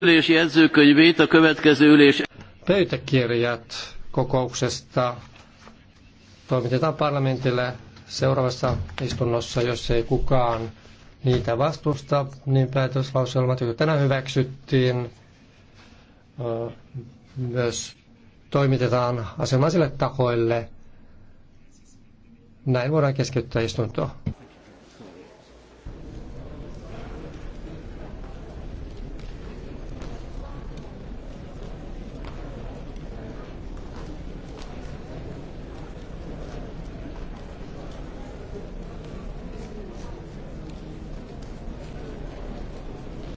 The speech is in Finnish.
Ülés jegyzőkönyvét a következő ülés... Pöytäkirjat kokouksesta toimitetaan parlamentille seuraavassa istunnossa, jos ei kukaan niitä vastusta, niin päätöslauselmat, jotka tänään hyväksyttiin, myös toimitetaan asianomaisille tahoille. Näin voidaan keskeyttää istuntoa.